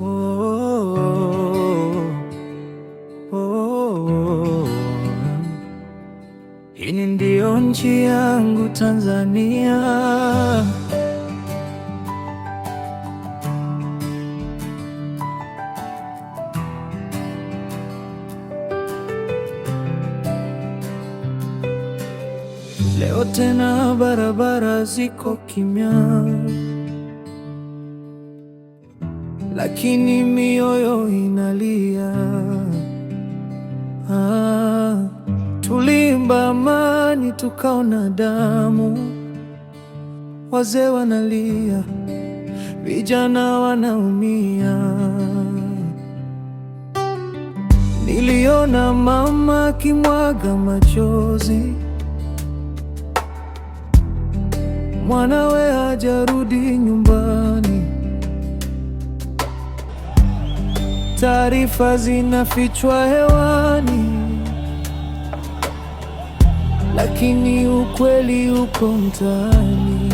Oh, oh, oh. Hii ndiyo nchi yangu Tanzania, leo tena barabara ziko kimya lakini mioyo inalia. Ah, tulimba amani tukaona damu, wazee wanalia, vijana wanaumia. Niliona mama akimwaga machozi, mwanawe hajarudi nyumbani. taarifa zinafichwa hewani, lakini ukweli uko mtaani.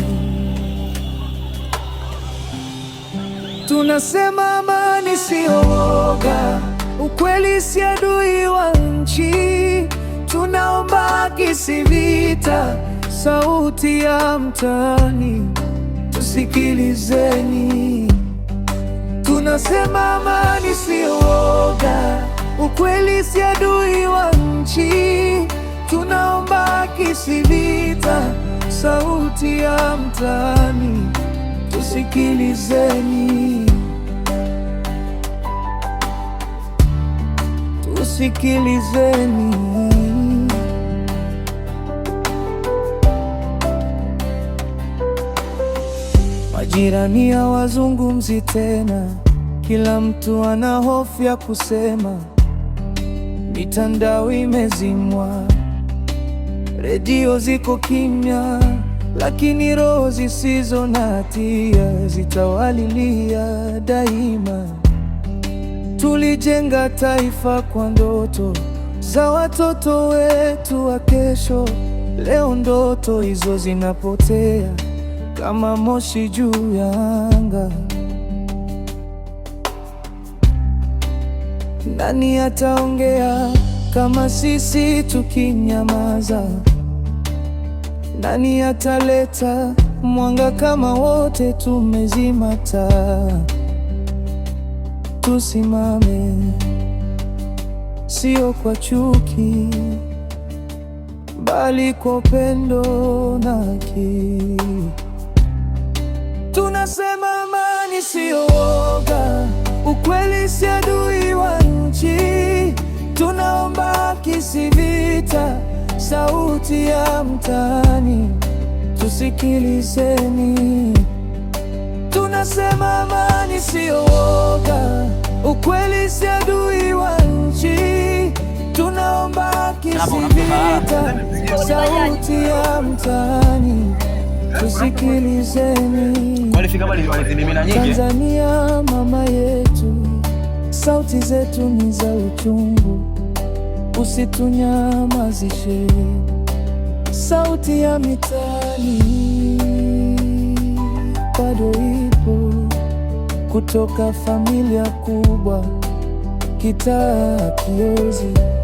Tunasema amani sio woga, ukweli si adui wa nchi. Tunaomba haki si vita, sauti ya mtaani, tusikilizeni. Tunasema amani si uoga, ukweli si adui wa nchi. Tunaomba haki si vita, sauti ya mtaani tusikilizeni, tusikilizeni. Majirani hawazungumzi tena kila mtu ana hofu ya kusema, mitandao imezimwa, redio ziko kimya, lakini roho zisizo na hatia zitawalilia daima. Tulijenga taifa kwa ndoto za watoto wetu wa kesho. Leo ndoto hizo zinapotea kama moshi juu ya anga. Nani ataongea kama sisi tukinyamaza? Nani ataleta mwanga kama wote tumezima taa? Tusimame, sio kwa chuki, bali kwa upendo na haki. Tunasema amani sio woga, ukweli si adui wa nchi, tunaomba kisivita, sauti ya mtaani tusikilizeni. Tunasema amani sio woga, ukweli si adui wa nchi, tunaomba kisivita, sauti ya mtaani tusikilizeni. Tanzania mama yetu sauti zetu ni za uchungu, usitunyamazishe. Sauti ya mitaani bado ipo, kutoka familia kubwa, kitaa, kiozi